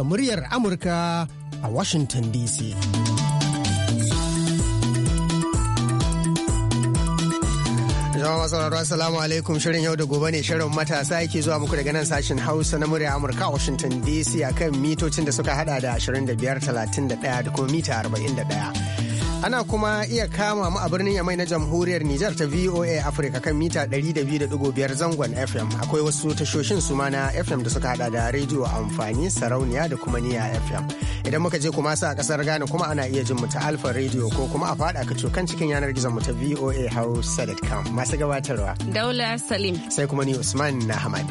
daga muryar Amurka a Washington DC. Jama'a sauraro Assalamu alaikum shirin yau da gobe ne shirin matasa yake zuwa muku daga nan sashen Hausa na murya Amurka a Washington DC akan mitocin da suka hada da 25, 31 da kuma mita 41. Ana kuma iya kama mu a birnin Yamai na Jamhuriyar Nijar ta VOA Africa kan mita 200.5 zangon FM. Akwai wasu tashoshin su ma na FM da suka hada da rediyo amfani sarauniya da kuma niya FM. Idan muka je kuma sa a kasar Ghana kuma ana iya jin mu ta Alpha Radio ko kuma a fada ka kan cikin yanar gizon mu ta VOA Hausa.com. Masu gabatarwa. Daula Salim. Sai kuma ni Usman Ahmad.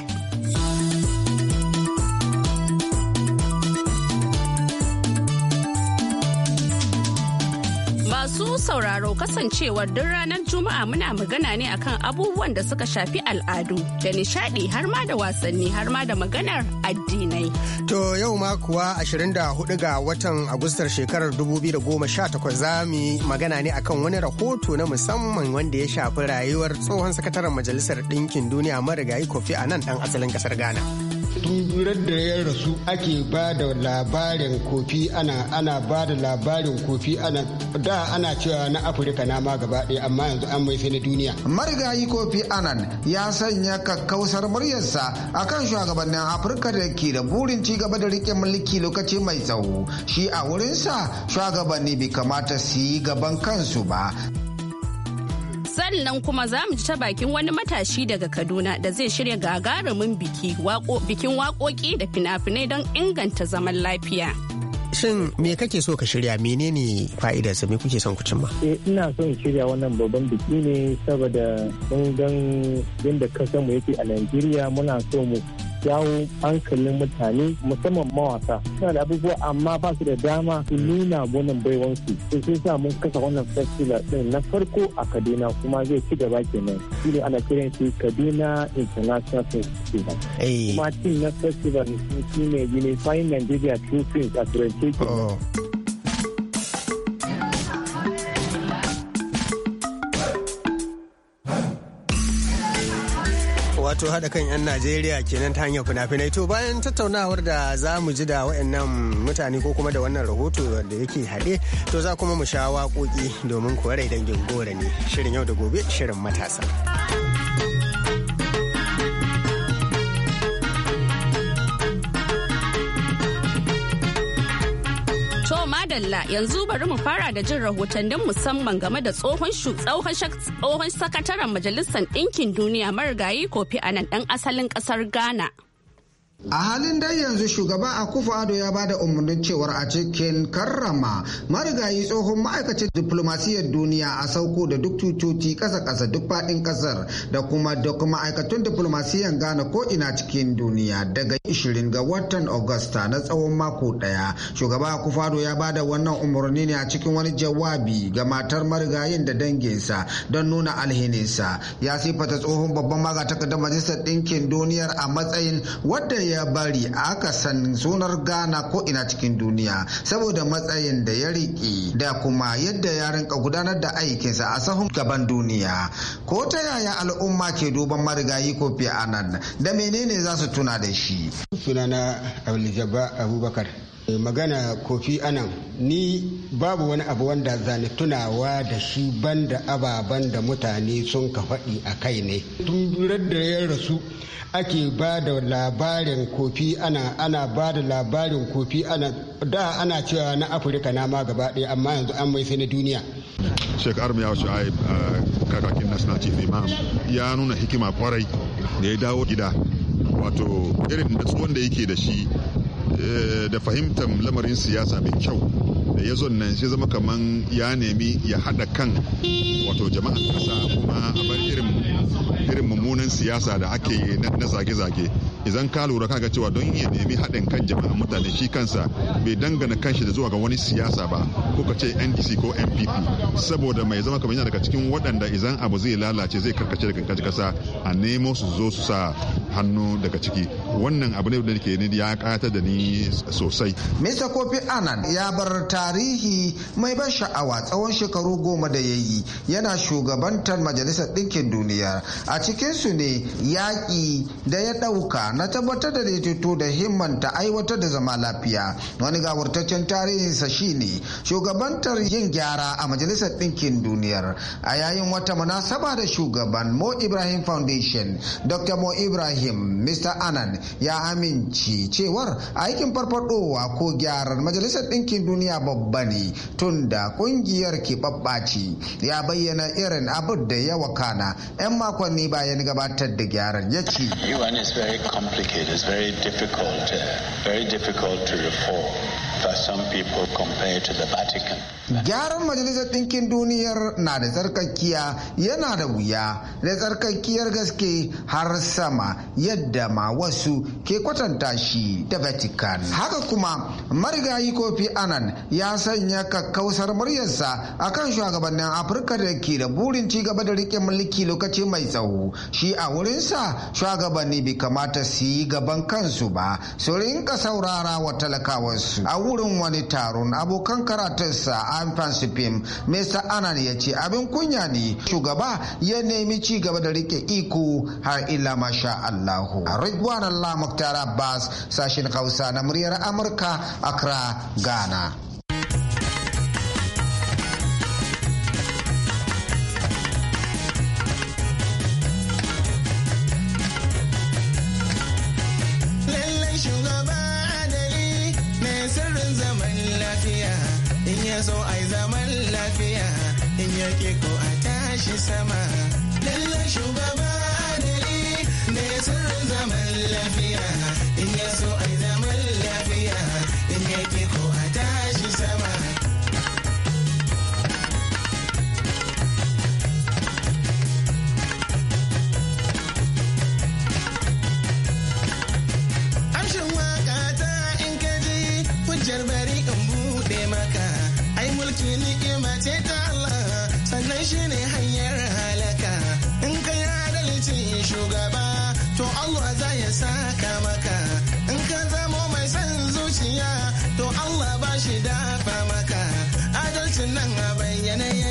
Masu sauraro kasancewar duk ranar Juma'a muna magana ne akan abubuwan da suka shafi al'adu da nishadi har ma da wasanni har ma da maganar addinai. To yau ma kuwa 24 ga watan Agustar shekarar 2018 za mu magana ne akan wani rahoto na musamman wanda ya shafi rayuwar tsohon sakataren Majalisar Ɗinkin Duniya marigayi Kofi nan ɗan asalin ƙasar Ghana. tun da ya rasu ake ba da labarin kofi ana ana ba da labarin kofi ana da ana cewa na afirka na ma gaba ɗaya amma yanzu an mai sai na duniya marigayi kofi anan ya sanya kakkausar muryarsa akan shugabannin afirka da ke da burin ci gaba da rike mulki lokaci mai tsawo shi a wurinsa shugabanni bai kamata su yi gaban kansu ba sannan kuma za mu ji ta bakin wani matashi daga kaduna da zai shirya gagarumin biki bikin waƙoƙi da fina-finai don inganta zaman lafiya shin me kake so ka shirya menene sa me kuke son ku cimma eh ina son shirya wannan babban biki ne saboda mun gan kasan mu yake a Najeriya muna so mu jawo hankalin mutane musamman mawasa suna da abubuwa amma ba su da dama su nuna wannan baiwansu su sai sa mun kasa wannan festival din na farko a kaduna kuma zai ci gaba kenan shi ne ana kiran shi kaduna international festival eh. kuma cin na festival shi ne unifying nigeria two things a turance kenan wato hada kan 'yan Najeriya kenan ta hanyar fina-finai. To bayan tattaunawar da za mu ji da waɗannan mutane ko kuma da wannan rahoto da yake haɗe, to za kuma mu sha waƙoƙi domin kuwa rai dangin gora ne. Shirin yau da gobe, shirin matasa. Allah yanzu bari mu fara da jin rahotannin musamman game da tsohon tsohon sakataren majalisar ɗinkin duniya marigayi kofi anan ɗan asalin ƙasar ghana a halin dai yanzu shugaba Kufa ado ya bada umarnin cewar a cikin karrama marigayi tsohon ma'aikacin diplomasiyyar duniya a sauko da duk tutoci kasa kasa duk faɗin kasar da kuma duk ma'aikatun diplomasiyyar ghana ko ina cikin duniya daga 20 ga watan augusta na tsawon mako ɗaya shugaba Kufa ado ya bada wannan umarni ne a cikin wani jawabi ga matar marigayin da danginsa don nuna alhininsa ya sifata tsohon babban magatakarda majalisar ɗinkin duniyar a matsayin wadda ya bari aka san sunar ghana ko ina cikin duniya saboda matsayin da ya riƙe da kuma yadda ya rinka gudanar da aikinsa a sahun gaban duniya ko ta yaya al'umma ke duban marigayi ko a nan da menene za su tuna da shi sunana abu abubakar magana kofi anan ni babu wani abu wanda zane tunawa da shi banda ababen da mutane sun ka faɗi a kai ne tun da ya rasu ake ba da labarin kofi ana ana ba da labarin kofi ana da ana cewa na afirka na ma gaba ɗaya amma yanzu an mai sai na duniya sheik armiya shu'aib kakakin national chief imam ya nuna hikima kwarai da ya dawo gida wato irin da da yake da shi Eh, da fahimtar lamarin siyasa mai kyau da ya zon nan shi zama kaman ya nemi ya haɗa kan wato jama'an kasa kuma a bar irin mummunan siyasa da ake na zage-zage idan ka lura kaga cewa don ya nemi haɗin kan jama'an mutane shi kansa bai dangana kanshi da zuwa ga wani siyasa ba ko ka ce ndc ko npp saboda mai zama kamar yana daga cikin waɗanda idan abu zai lalace zai karkace da kasa a nemo su zo su sa hannu daga ciki wannan abu ne da ke ya kata da ni sosai mista kofi anan ya bar tarihi mai ban sha'awa tsawon shekaru goma da ya yi yana shugabantar majalisar ɗinkin duniya a cikinsu ne yaƙi da ya ɗauka na tabbatar da daidaito da himmanta aiwatar da zama lafiya wani gawurtaccen tarihinsa shine shugabantar yin gyara a majalisar ɗinkin duniyar a yayin wata munasaba da shugaban mo ibrahim foundation dr mo ibrahim ibrahim mr anan ya amince cewar aikin farfadowa ko gyaran majalisar ɗinkin duniya babba ne tun da ƙungiyar ke babbaci ya bayyana irin abin da ya wakana 'yan makonni bayan gabatar da gyaran ya ce Gyaran Majalisar Ɗinkin Duniyar na da tsarkakiya yana da wuya da tsarkakiyar gaske har sama yadda ma wasu ke kwatanta shi da vatican haka kuma marigayi kofi anan ya sanya kakkausar muryarsa a kan shugabannin afirka da ke da burin ci gaba da rike mulki lokaci mai tsawo shi a wurinsa shugabanni bai kamata su yi gaban kansu ba su rinka saurara wa talakawarsu a wurin wani taron abokan karatunsa an fansifim mr anan ya ce abin kunya ne shugaba ya nemi ci gaba da rike iko har ila masha allah Allahu. Ridwan Allah Muktar Abbas sashin Hausa na muryar Amurka Accra Ghana. so sirrin zaman lafiya in yake ko a tashi sama lallai shugaba ba shi da maka adalcin nan a bayyane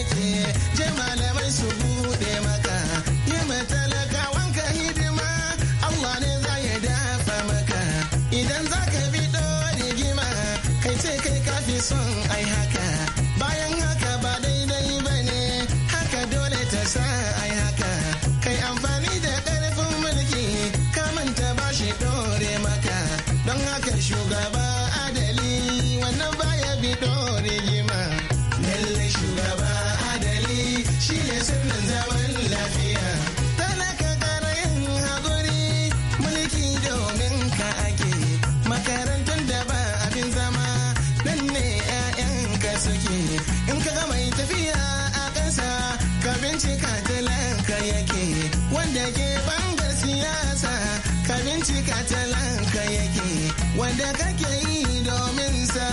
bincika talanka yake wanda kake yi domin sa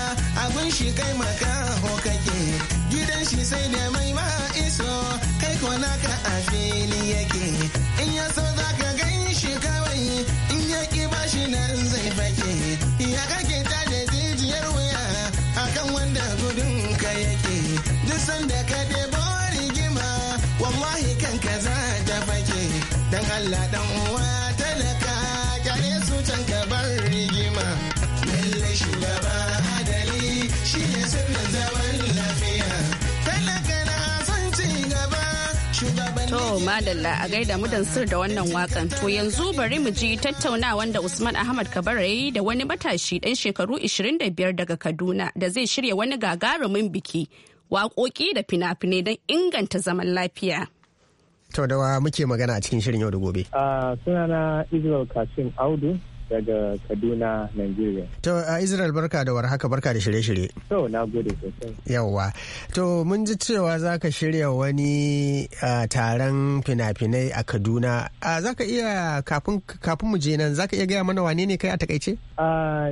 abin shi kai makaho kake gidan shi sai da mai ma iso kai ko naka a fili yake in ya so za ka gan shi kawai in ya ki ba shi nan zai fake ya kake ta da jijiyar wuya akan wanda gudun ka yake duk sanda ka debo rigima wallahi kanka za ta fake dan Allah dan uwa Yau madalla a gaida mu sir da wannan wakan. To yanzu bari mu ji tattaunawan da Usman Ahmad Kabara yi da wani matashi dan shekaru 25 daga Kaduna da zai shirya wani gagarumin biki waƙoƙi da fina-finai don inganta zaman lafiya. To da muke magana a cikin shirin yau da gobe. Sunana Israel Kasim Audu daga Kaduna, Nigeria. To a Israel barka da haka barka da shirye-shirye. To na gode sosai. Yawwa. To mun ji cewa za ka shirya wani taron fina-finai a Kaduna. Za ka iya kafin mu je nan za ka iya gaya mana wane ne kai a takaice?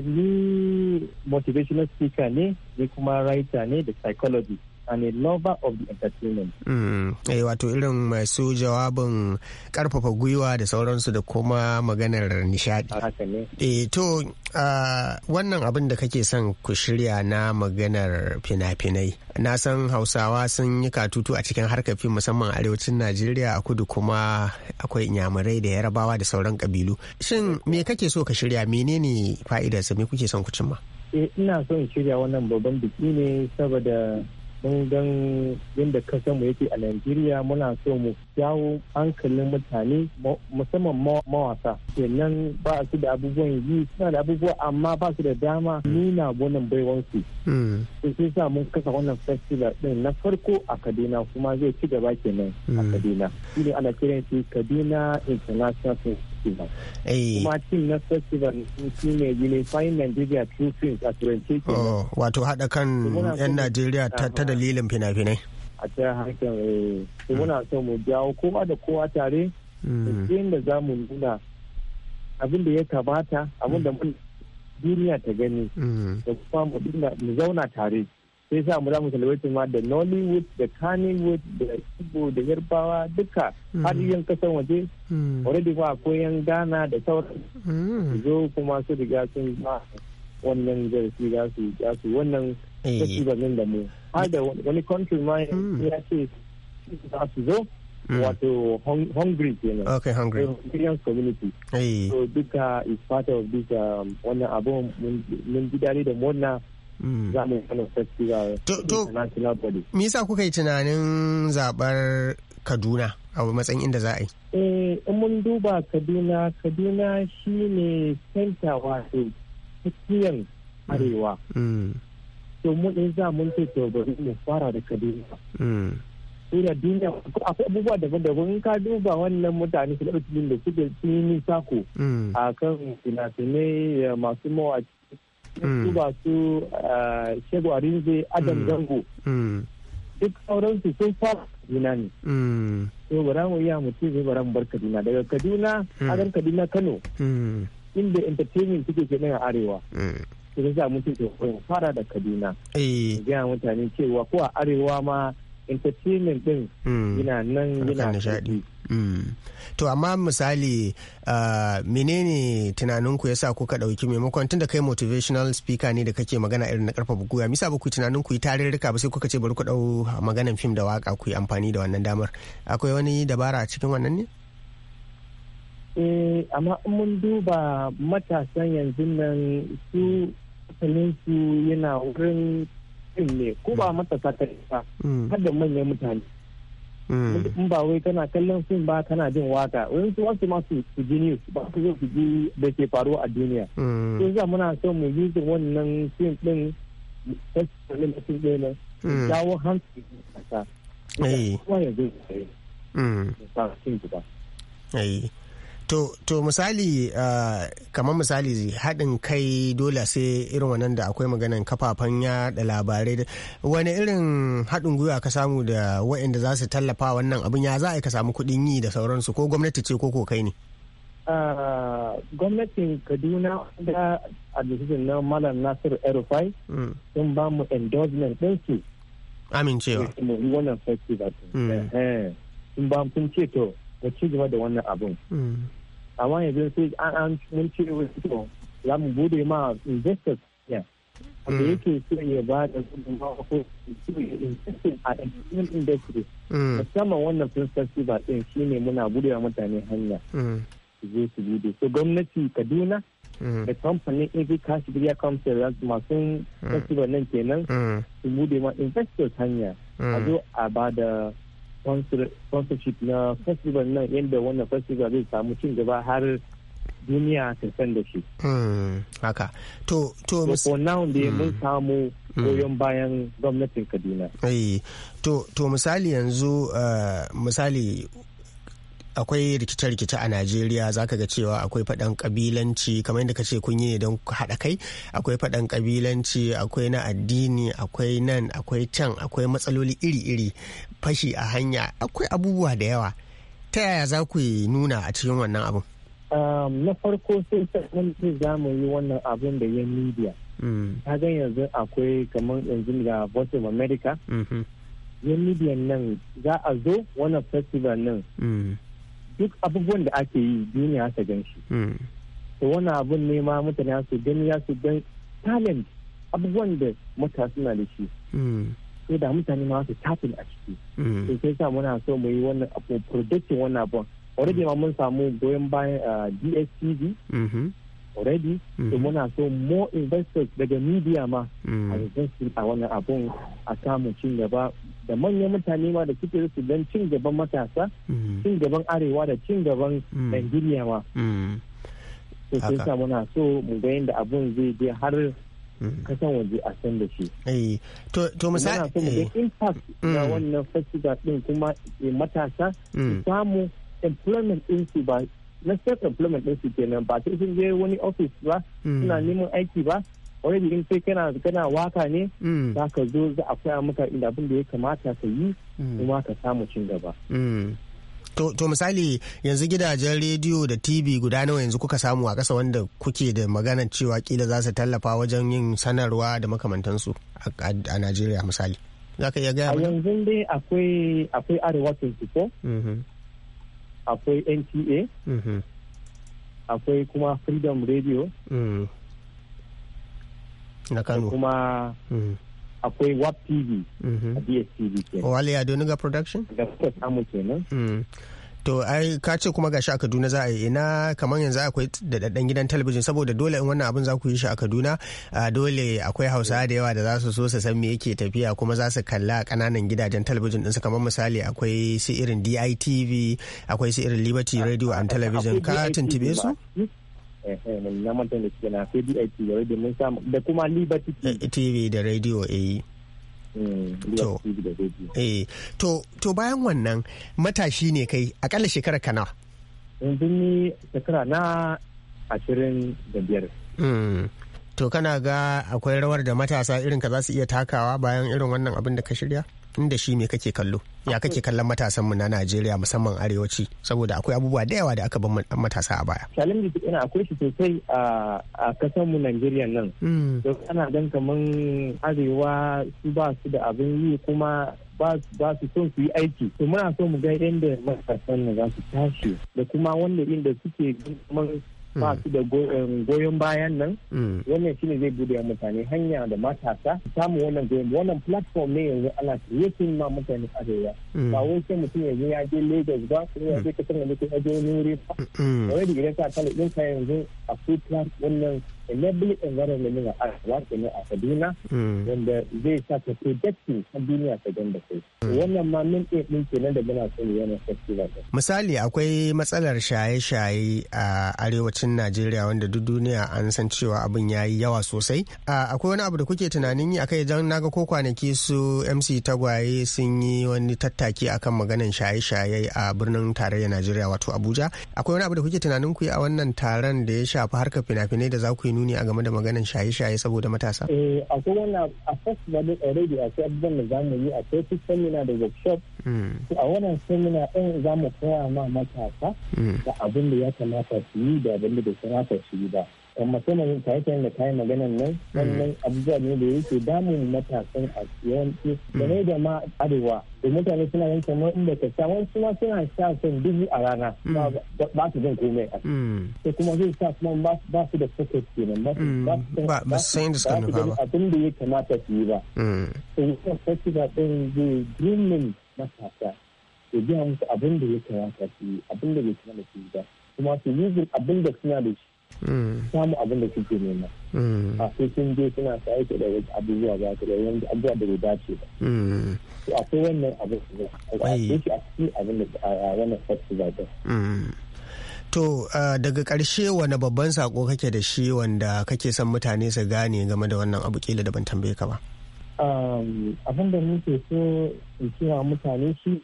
Ni motivational speaker ne, ni kuma writer ne da psychology. and a lover of the entertainment. Hmm. Eh, wato irin masu jawabin karfafa gwiwa da sauransu da kuma maganar nishadi. Haka Eh, to ah, wannan abin da kake son ku shirya na maganar fina-finai. Na san Hausawa sun yi katutu a cikin harkar fim musamman arewacin Najeriya a kudu kuma akwai inyamurai da yarabawa da sauran kabilu. Shin me kake so ka shirya menene fa'idarsa me kuke son ku cimma? Eh, ina son shirya wannan babban biki ne saboda mun gan yadda kasar mu yake a Najeriya muna so mu jawo hankalin mutane musamman mawasa kenan ba su da abubuwan yi suna da abubuwa amma ba su da dama nuna wannan baiwansu. Hmm. Sai sa mun kasa wannan festival din na farko a Kaduna kuma zai ci gaba kenan a hmm. Kaduna. Shi ne ana kiran shi Kaduna International Festival. festival kuma team na festival shi ne unifying nigeria through things a turance ke oh, wato haɗa kan 'yan najeriya ta ah, dalilin fina-finai a ta harkar su eh, muna so mu jawo kowa da kowa tare hmm. da za mu nuna abin da ya kamata abin da duniya ta gani hmm. da kuma mu zauna tare sai sa mu zamu mu celebrate ma da nollywood da kannywood da igbo da yarbawa duka hmm. har yin kasan waje hmm. already ba ko yan ghana da sauran hmm. zo kuma su riga sun ba wannan zarafi za su za su wannan eh. festivalin da mu har da wani country ma ya ce za su zo wato hungry kenan okay hungry Hungarian community eh. so duka is part of this um, wannan abun mun ji dadi da murna Mm. za mu yi kanin festival international Me yasa kuka yi tunanin zabar Kaduna a matsayin inda za a yi? Eh, in mun duba Kaduna, Kaduna shi ne senta wato tsakiyar arewa. Mm. To mu in za mun ce to bari mu fara da Kaduna. Mm. Ina duniya akwai abubuwa daban-daban in ka duba wannan mutane su da suke sun yi nisa ko a kan fina-finai eh, masu mawaki. su ba mm. su eh, shegwarin zai adam mm. zango mm. duk sauransu sun fara kaduna ne so bara mu iya mutum zai bara mu bar kaduna daga kaduna hadar kaduna kano inda entertainment suke ke a arewa su ta sa mutum ke fara da kaduna eh. gaya mutane cewa ko a arewa ma entertainment din hmm. yana nan yana hmm. to amma misali uh, menene tunaninku yasa kuka ɗauki maimakon tunda kai motivational speaker ne da kake magana irin na karfafa gwiwa misa ba ku tunanin ku yi tarirrika ba sai kuka ce bari ku dau maganan fim da waka ku yi amfani da wannan damar akwai wani dabara a cikin wannan ne eh amma mun duba matasan yanzu nan su su yana wurin din ne ko ba mm. matasa ka ba mm. har da manyan mutane mm. in ba wai kana kallon fim ba kana jin waka wani su wasu masu su ji ba su zo su ji da ke faruwa a duniya sai za muna so mu yi wannan fim din tattalin fim ɗaya nan jawo hankali a kasa eh. kuma yanzu eh, ba to to misali uh, kamar misali haɗin kai dole sai irin wannan da akwai maganan kafafen yaɗa labarai wani irin haɗin gwiwa ka samu da waɗanda za su tallafa wannan abin ya za a ka samu kuɗin yi da sauransu ko gwamnati ce ko kai ne uh, gwamnatin kaduna da adisun na malam nasiru erufai mm. sun mm. ba mu endorsement ɗinsu amincewa wannan festival mm. eh, eh. sun ba sun ce to ya ci gaba da wannan abin hmm. amma yanzu sai an an mun ce wasu za mu bude ma investors ya wanda hmm. yake so ya ba da gudunmawa ko a entertainment industry hmm. musamman wannan film festival din shine muna budewa mutane hanya zai su bude so gwamnati kaduna da kamfanin every cash media conference masu festival nan kenan su bude ma investors hanya a zo a ba da sponsorship na festival nan yadda wannan festival zai samu cin gaba har duniya ta san da shi. Hmm, haka. To, to, so, for now mun hmm. samu hmm. goyon bayan gwamnatin Kaduna. Eh, to, to misali yanzu eh, misali akwai rikice-rikice a najeriya za ka ga cewa akwai faɗan kabilanci kamar yadda ka ce kun yi don haɗa kai akwai faɗan kabilanci akwai na addini akwai nan akwai can akwai matsaloli iri-iri fashi a hanya akwai abubuwa da yawa ta yaya za ku nuna a cikin wannan abin um, na farko sai sannan za mu yi wannan abin da ya media ta mm. gan yanzu akwai kamar yanzu ga voice of america mm-hmm. yan media nan za a zo wannan festival nan mm. duk abubuwan da ake yi duniya ta gan shi hmm. to wani abun ne ma mutane su gani ya su gan talent abubuwan da mata suna da shi hmm. sai da mutane ma su tafin a ciki hmm. to sai sa muna so mu yi wannan abu producing wannan abun already ma mun samu goyon bayan ah, DSTV already to mm-hmm. muna so more investors daga media ma mm-hmm. a investi a wannan abun a samu cin gaba da manyan mutane ma da suke su don cin gaban matasa mm-hmm. cin gaban arewa da cin gaban nigeria ma to sai sa muna so mu ga yadda abun zai je har kasan waje a san da shi to misali muna so mu ga impact na wannan festival din kuma eh, matasa samu employment su ba na self employment din su kenan ba sai sun je wani office ba hmm. suna neman aiki ba already in sai kana kana waka ne hmm. za ka zo za a koya maka inda abin da ya kamata ka yi hmm. kuma ka samu cin gaba to, misali yanzu gidajen rediyo da tv guda nawa yanzu kuka samu a kasa wanda kuke da maganar cewa kila za su tallafa wajen yin sanarwa da makamantansu a najeriya misali za ka a yanzu dai akwai arewa 24 akwai nta mm-hmm. akwai kuma freedom radio mm. na kuma mm. akwai wap tv mm-hmm. a dstv wale ya doni ga production da suka samu kenan mm. to ai ka ce kuma gashi a kaduna za a yi ina kamar yanzu akwai daɗaɗɗen gidan talabijin saboda dole in wannan abin za ku yi shi a kaduna dole akwai hausa da yawa da za su so su san me yake tafiya kuma za su kalla kananan gidajen talabijin ɗinsu kamar misali akwai su irin ditv akwai su irin liberty radio and television ka tuntube su eh, eh, na mantan da suke na sai ditv da radio mun samu da kuma liberty tv da radio yi eh. Mm. To, eh, bayan wannan matashi ne kai akalla shekara kana? Yanzu ni shekara na ashirin da biyar. Mm. To kana ga akwai rawar da matasa irin ka za su iya takawa bayan irin wannan abin da ka shirya? Inda shi me kake kallo? ya kake kallon matasan mu na Najeriya musamman arewaci saboda akwai abubuwa da yawa da aka ban matasa a baya challenge ina akwai shi sosai a kasan mu Najeriya nan hmm. don ana dan kaman arewa su ba su da abin yi kuma ba su son su yi aiki to muna so mu ga inda matasan nan za su tashi da kuma wanda inda suke Hmm. ba su da um, goyon bayan nan hmm. wannan shine zai bude mutane hanya da matasa samun wannan goyon wannan platform ne yanzu ana creating ma mutane arewa hmm. ba wai sai mutum yanzu ya je Lagos ba ko ya je ka da mutum ya je wani wuri ba wani da ka sa kan ka yanzu a wannan enabling environment na a wata hmm. ne hmm. a kaduna wanda zai sa ta projecting kan duniya ta ganda kai wannan ma min ɗaya ɗin kenan da muna so ne yana festival misali akwai matsalar shaye-shaye a arewacin najeriya wanda duk duniya an san cewa abin ya yi yawa sosai akwai wani abu da kuke tunanin yi akai jan naga ko kwanaki su mc tagwaye sun yi wani tattaki akan maganan shaye-shaye a birnin tarayya najeriya wato abuja akwai wani abu da kuke tunanin ku yi a wannan taron da ya shafi harkar fina-finai da za ku yi nuni a game da maganin shaye-shaye saboda matasa? Eh, akwai wannan a first level already a abubuwan da zamu yi a kai seminar da workshop. Hmm. A wannan seminar ɗin za mu koya ma matasa hmm. da abin da ya kamata su yi da abin da ba kamata su yi ba. musamman kayan da kayan maganan nan wannan mm. abubuwa ne da yake damun matasan a yawanci da ne da ma arewa da mutane suna yin kamar inda ka sha wani kuma suna sha son dubu a rana mm. ba su jin komai a to mm. kuma zai sa kuma ba su da focus kenan ba su san inda suka nufa ba abin da ya kamata su yi ba to wannan festival din zai grooming matasa ya biya musu abin da ya kamata su yi abin da bai kamata su yi ba kuma su yi abin da suna da shi samu mm. abin da suke nema mm. a sai sun je suna sai da abubuwa ba su da wani abubuwa da bai dace ba mm. to akwai wannan abin da a cikin abin da a wannan sattu ba ta To daga ƙarshe wani babban sako kake da shi wanda kake son mutane su gane game da wannan abu kila da ban tambaye ka ba? Um, abin da nake so in kira mutane shi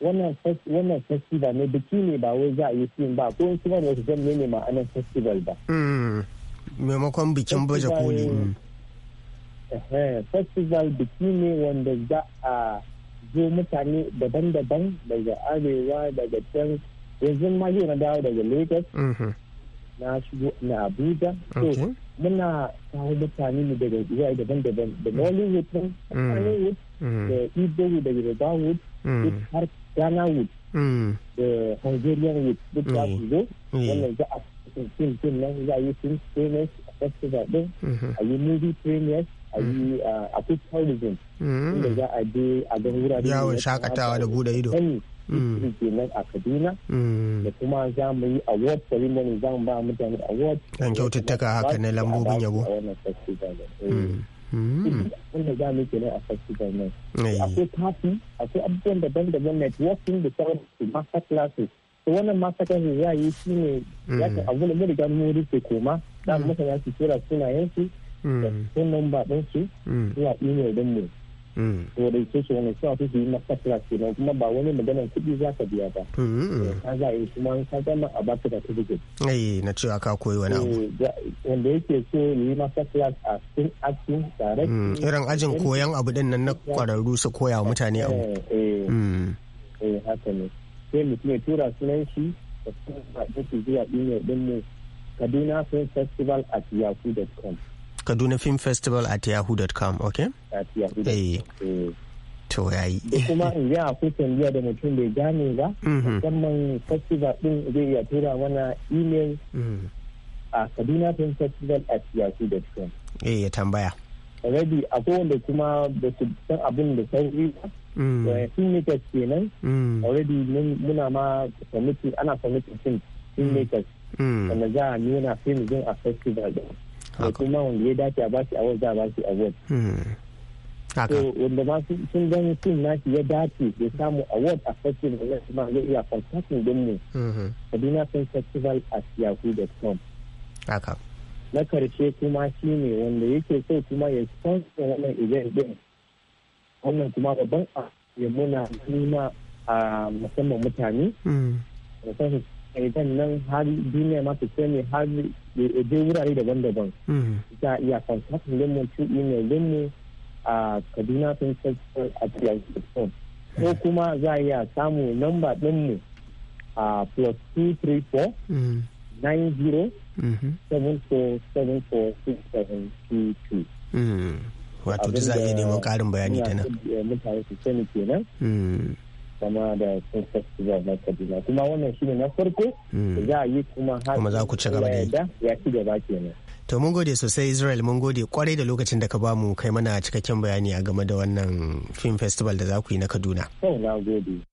wannan festival ne biki ne ba wai za a yi fim ba ko kuma da wasu zan ne ma'anar festival ba. Hmm. maimakon bikin baje koli. Hmm. festival biki ne wanda za a zo mutane daban-daban daga arewa daga can yanzu ma yi na dawo daga lagos hmm. na shigo na abuja so muna kawo mutane ne daga zuwa daban-daban da nollywood da hollywood da ibo daga dabawood har Ghana wood da mm. Hungarian wood duk za su zo wannan za a fim fin nan za a yi film trainers a festival din mm-hmm. a yi movie trainers a yi a food tourism inda za a je a ga wurare yawon shakatawa da bude ido history kenan a Kaduna da kuma za mu yi award ceremony za mu ba mutane award dan kyaututtuka haka na lambobin yabo wanda za mu kenan a festival nan akwai party akwai abubuwan daban-daban networking da sauransu master classes to wannan master classes za a yi shi ne ya kan abu da muriga mun rufe koma za mu su tura sunayensu da sun namba ɗinsu zuwa email to mm. da yake shi wani cewa su yi na fatira kenan kuma ba wani maganar kuɗi za ka biya ba mm. eh, ka za yi kuma ka zama a ba da ta dubu eh na cewa ka koyi wani abu eh, wanda yake so yi na fatira a cikin acting direct mm. irin ajin koyan abu din nan na kwararru su koya wa mutane abu eh, eh haka ne sai mutum ya tura sunan shi da kuma ba zuwa email din mu kaduna festival at yahoo.com kaduna film festival at yahoo.com ok at yahoo.com eh. to yayi da kuma in ji a kusan biya da mutum bai gane ba mhm. musamman festival din zai iya tura mana email mhm. a kaduna film festival at yahoo.com eh ya tambaya rabi akwai wanda kuma da su san abin da yi ba mm. eh, filmmakers kenan mm. already muna ma submitting ana submitting film filmmakers mm. wanda za a nuna film din a festival din da kuma wanda ya dace a ba shi a za a bashi award hmm. so wanda ma sun gan sun nashi ya dace ya samu award a festival na kuma zai iya contacting din mu hmm. kaduna film festival at yahoo.com haka na karshe kuma shi ne wanda yake so kuma ya sponsor wannan event din wannan kuma babban a ya muna nuna a musamman mutane hmm. musamman idan nan har duniya ma ta ne har je wurare daban-daban mm-hmm. za a iya kwantakin lemon to email linmu a kaduna sun central at yahoo.com ko kuma za a iya samu lamba dinmu a plus 234 90 7474 wato ta za a iya neman karin bayani ta nan mutane su sani kenan mm-hmm. zama da sun festival na kaduna kuma wannan shine na farko hmm. za a yi kuma har kuma za ku ci gaba da ya ci gaba kenan to mun gode sosai israel mun gode kwarai da lokacin da ka ba mu kai mana cikakken bayani a game da wannan film festival da za ku yi na kaduna to na gode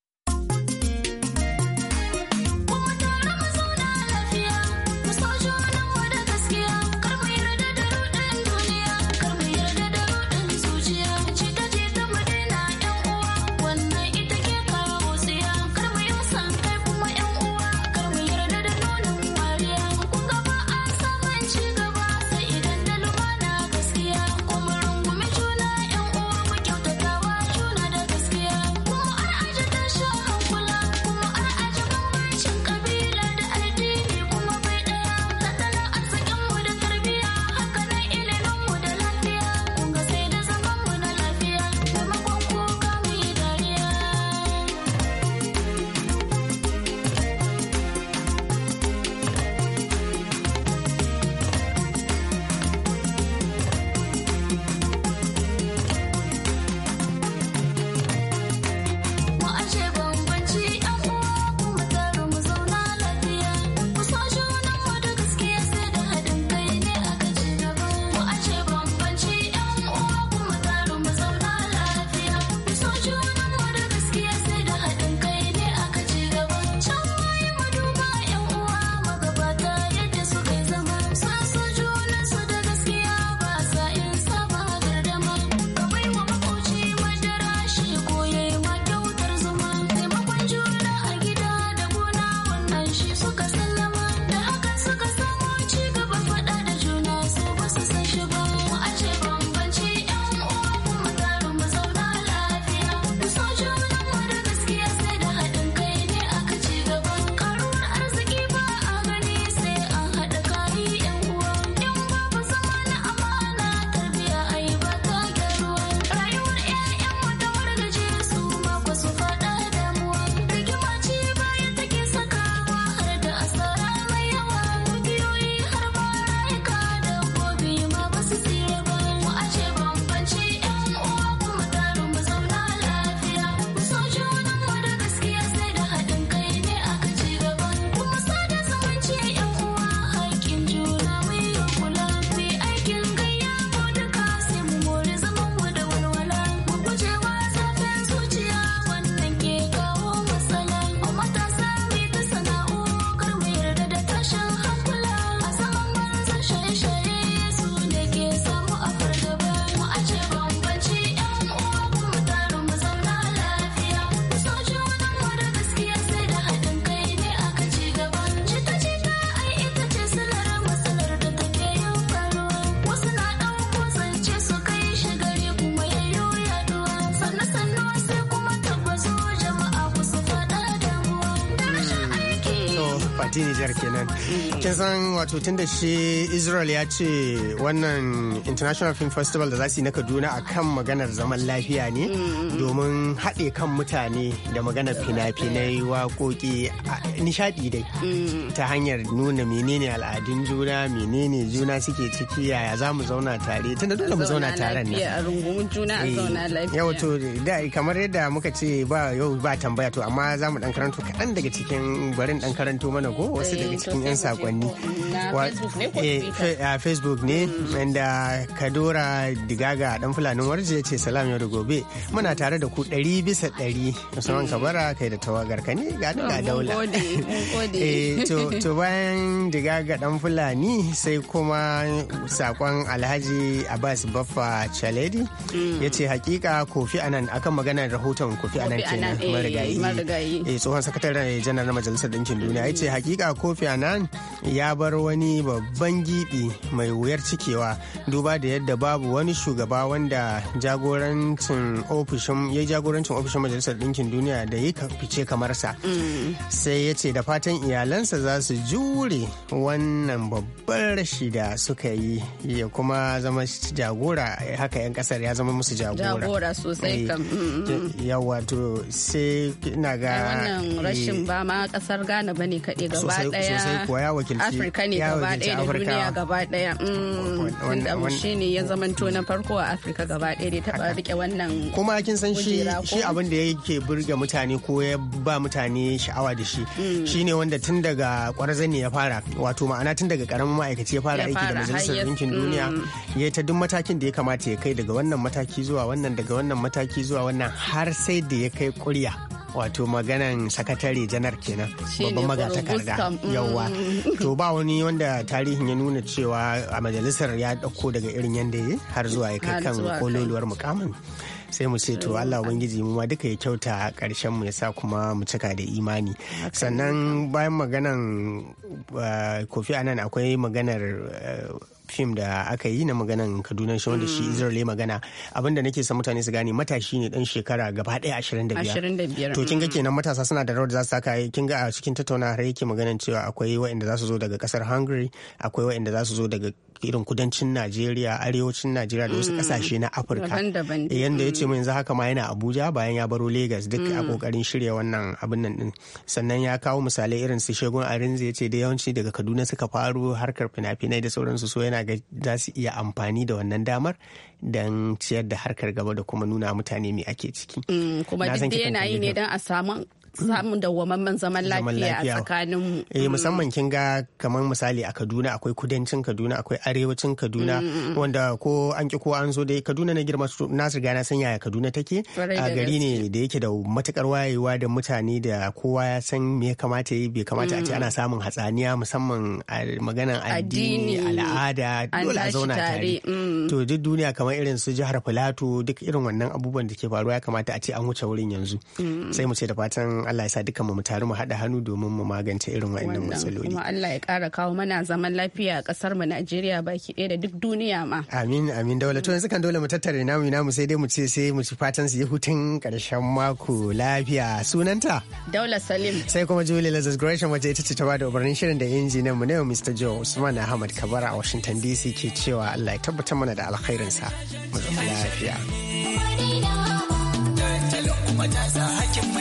gwamnati Nijar kenan. Kin san wato tun da shi Israel ya ce wannan International Film Festival da za su yi na Kaduna a kan maganar zaman lafiya ne. domin haɗe kan mutane da magana fina-finai waƙoƙi nishaɗi dai mm. ta hanyar nuna menene al'adun juna menene juna suke ciki yaya za mu zauna tare tunda dole mu zauna tare ne a juna a eh, zauna yau to da kamar yadda muka ce ba yau ba tambaya to amma za mu dan karanto kaɗan daga cikin barin dan karanto mana ko wasu daga eh, cikin yan sakonni facebook ne inda eh, mm. kadora digaga dan fulanin warje ce salam yau da gobe muna ta tare da ku ɗari bisa ɗari musamman kamara kai da tawagar ka ne ga ga ah, daula eh, to bayan diga ga dan fulani sai kuma sakon alhaji abbas baffa chaledi mm. ya ce hakika kofi anan akan maganar rahoton kofi anan marigayi eh, eh, tsohon sakataren janar na majalisar ɗinkin duniya ya ce hakika kofi anan ya bar wani babban giɓi mai wuyar cikewa duba da yadda babu wani shugaba wanda jagorancin ofishin jagorancin ya jagorancin ofishin majalisar ɗinkin duniya da yi fice kamar sa mm. sai ya ce da fatan iyalansa za su jure wannan babbar rashi da suka yi ya kuma zama jagora haka 'yan kasar ya zama musu jagora jagora sosai eh, kam yawa to sai ina ga wannan rashin eh, ba ma kasar Ghana ba ne kaɗai gaba ɗaya sosai kuwa ya wakilci Afirka ne gaba ɗaya da duniya gaba ɗaya mm. wanda shi ne ya zamanto na farko a Afirka gaba ɗaya da taɓa riƙe wannan kuma kin san san shi shi abin da yake burge mutane ko ya ba mutane sha'awa da shi mm. shine wanda tun daga ne ya fara wato ma'ana tun daga karamin ma'aikaci ya fara aiki da majalisar ɗinkin mm. duniya ya ta duk matakin da ya kamata ya kai daga wannan mataki zuwa wannan daga wannan mataki zuwa wannan har sai da ya kai kurya wato maganan sakatare janar kenan babban magatakarda mm. yauwa to ba wani wanda tarihin ya nuna cewa a majalisar ya dauko daga irin yadda ya har zuwa ya kai kan kololuwar mukamin sai mu ce to Allah ubangiji mu ma duka ya kyauta karshen mu yasa kuma mu cika da imani sannan bayan maganan uh, kofi anan akwai maganar uh, fim da aka yi na maganan kaduna shi wanda shi mm. israel magana abinda nake san mutane su gane matashi ne dan shekara gaba daya 25 to kin ga mm. kenan matasa suna da rawar da za su saka kin ga a cikin tattauna har yake maganan cewa akwai waɗanda za su zo daga kasar hungary akwai waɗanda za su zo daga irin kudancin najeriya arewacin najeriya da wasu kasashe mm. na afirka eh, yadda ya ce mu yanzu haka ma yana abuja bayan ya baro lagos duk a kokarin shirya wannan abin nan din sannan ya kawo misalai irin su shegun arinze ya ce da yawanci daga kaduna suka faru harkar fina-finai da sauransu so yana suna ga za su iya amfani da wannan damar don ciyar da harkar gaba da kuma nuna mutane me ake ciki. Mm, kuma duk da yana ne don a samu samun dawwamamman zaman lafiya a tsakaninmu. Eh mm. musamman kin ga kamar misali a Kaduna akwai kudancin Kaduna akwai arewacin Kaduna mm, mm, wanda ko an ki ko an zo dai Kaduna na girma na riga na san yaya Kaduna take a gari ne da yake da matukar wayewa da mutane da kowa ya san me ya kamata yi bai kamata a ce ana samun hatsaniya musamman a maganar addini al'ada dole a zauna tare. To duk duniya kamar irin su jihar Filato duk irin wannan abubuwan da ke faruwa ya kamata a ce an wuce wurin yanzu. Sai mu ce da fatan Allah ya sa duka mu tare mu haɗa hannu domin mu magance irin wa'annan matsaloli. Kuma Allah ya ƙara kawo mana zaman lafiya a ƙasar mu Najeriya baki ɗaya da duk duniya ma. Amin amin daula to yanzu kan dole mu tattare namu namu sai dai mu ce sai mu ci fatan su yi hutun ƙarshen mako lafiya sunanta. Daula Salim. Sai kuma Julie Lazarus Gresham wace ita ce ta bada umarnin shirin da injinan mu ne Mr. Joe Usman Ahmad Kabara a Washington DC ke cewa Allah ya tabbatar mana da alkhairinsa. Mu zama lafiya. hakin